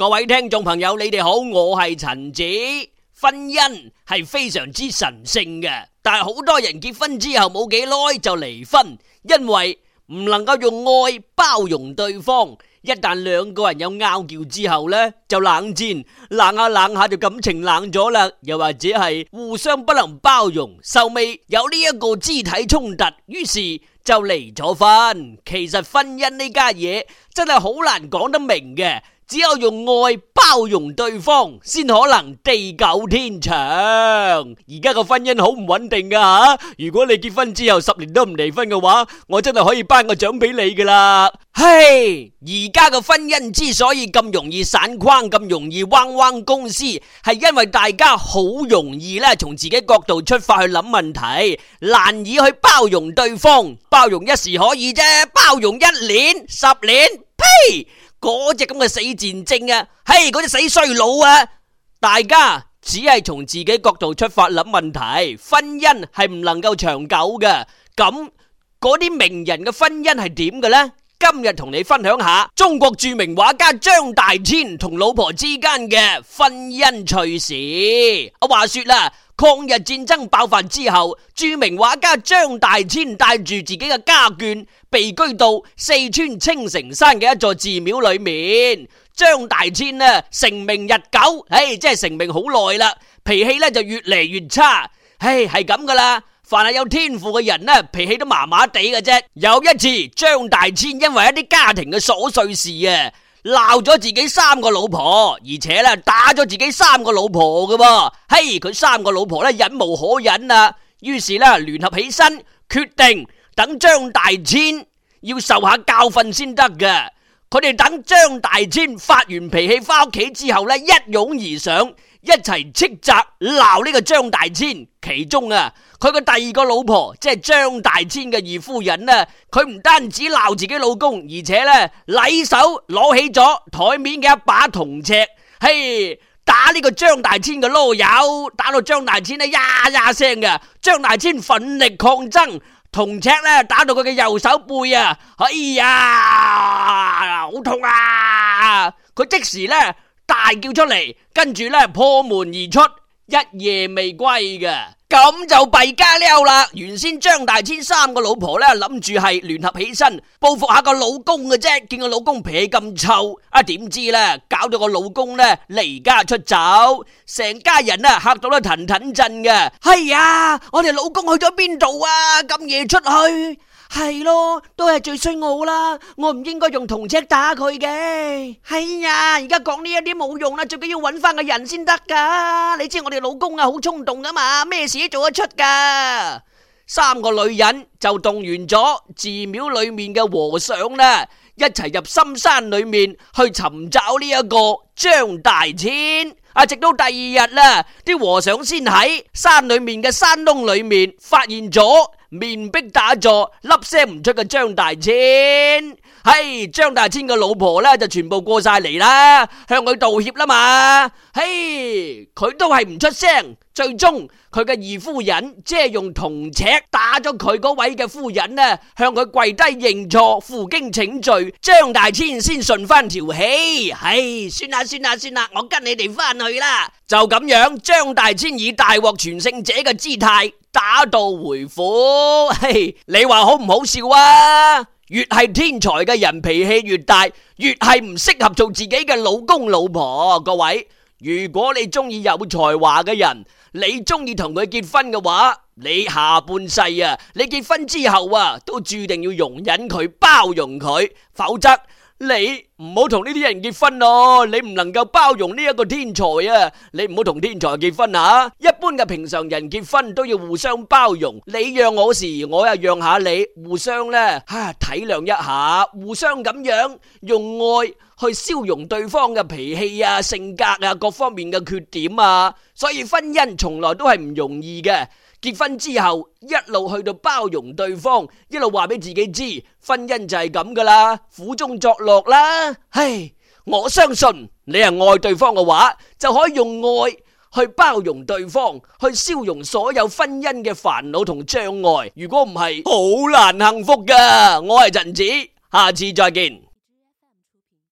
各位聽眾朋友，你哋好，我係陳子。婚姻係非常之神聖嘅，但係好多人結婚之後冇幾耐就離婚，因為唔能夠用愛包容對方。一旦兩個人有拗撬之後呢，就冷戰，冷下冷下就感情冷咗啦。又或者係互相不能包容，受未最尾有呢一個肢體衝突，於是就離咗婚。其實婚姻呢家嘢真係好難講得明嘅。只有用愛包容對方，先可能地久天長。而家個婚姻好唔穩定噶吓，啊，如果你結婚之後十年都唔離婚嘅話，我真係可以頒個獎俾你噶啦。嘿，而家個婚姻之所以咁容易散框，咁容易彎彎公司，係因為大家好容易咧，從自己角度出發去諗問題，難以去包容對方。包容一時可以啫，包容一年、十年，呸！嗰隻咁嘅死賤精啊，嘿，嗰隻死衰佬啊！大家只係從自己角度出發諗問題，婚姻係唔能夠長久嘅。咁嗰啲名人嘅婚姻係點嘅呢？今日同你分享下中國著名畫家張大千同老婆之間嘅婚姻趣事。啊話說啦。抗日戰爭爆發之後，著名畫家張大千帶住自己嘅家眷，避居到四川青城山嘅一座寺廟裏面。張大千啊，成名日久，唉，即係成名好耐啦，脾氣咧就越嚟越差，唉，係咁噶啦。凡係有天賦嘅人咧，脾氣都麻麻地嘅啫。有一次，張大千因為一啲家庭嘅瑣碎事啊。鬧咗自己三個老婆，而且咧打咗自己三個老婆嘅噃，嘿，佢三個老婆咧忍無可忍啦，啊，於是咧聯合起身，決定等張大千要受下教訓先得嘅。佢哋等張大千發完脾氣返屋企之後呢，一擁而上，一齊斥責鬧呢個張大千。其中啊，佢個第二個老婆即係張大千嘅二夫人啊，佢唔單止鬧自己老公，而且呢，禮手攞起咗台面嘅一把銅尺，嘿，打呢個張大千嘅囉柚，打到張大千呢呀呀聲嘅，張大千奮力抗爭。銅尺咧打到佢嘅右手背啊！哎呀，好痛啊！佢即時咧大叫出嚟，跟住咧破門而出。一夜未歸嘅，咁就弊家溜啦！原先張大千三個老婆呢，諗住係聯合起身報復下個老公嘅啫，見個老公脾咁臭，啊點知呢搞到個老公呢，離家出走，成家人呢嚇到咧騰騰震嘅，係啊、哎，我哋老公去咗邊度啊？咁夜出去。係咯，都係最衰我啦！我唔應該用銅尺打佢嘅。哎呀，而家講呢一啲冇用啦，最緊要揾翻個人先得噶。你知我哋老公啊，好衝動噶嘛，咩事都做得出噶。三個女人就動員咗寺廟裏面嘅和尚啦，一齊入深山裏面去尋找呢一個張大千。啊，直到第二日啦，啲和尚先喺山裏面嘅山窿裏面發現咗。面壁打坐，粒聲唔出嘅張大千，嘿，張大千嘅老婆呢，就全部過晒嚟啦，向佢道歉啦嘛，嘿，佢都係唔出聲，最終佢嘅二夫人即係用銅尺打咗佢嗰位嘅夫人呢，向佢跪低認錯，負荊請罪，張大千先順翻條氣，唉，算啦算啦算啦，我跟你哋翻去啦，就咁樣，張大千以大獲全勝者嘅姿態。打道回府，嘿，你話好唔好笑啊？越係天才嘅人，脾氣越大，越係唔適合做自己嘅老公老婆。各位，如果你鍾意有才華嘅人，你鍾意同佢結婚嘅話，你下半世啊，你結婚之後啊，都注定要容忍佢、包容佢，否則。你唔好同呢啲人結婚咯，啊，你唔能夠包容呢一個天才啊！你唔好同天才結婚啊。一般嘅平常人結婚都要互相包容，你讓我時，我又讓下你，互相呢吓、啊、體諒一下，互相咁樣用愛去消融對方嘅脾氣啊、性格啊、各方面嘅缺點啊，所以婚姻從來都係唔容易嘅。結婚之後一路去到包容對方，一路話俾自己知，婚姻就係咁噶啦，苦中作樂啦。唉，我相信你係愛對方嘅話，就可以用愛去包容對方，去消融所有婚姻嘅煩惱同障礙。如果唔係，好難幸福噶。我係陳子，下次再見。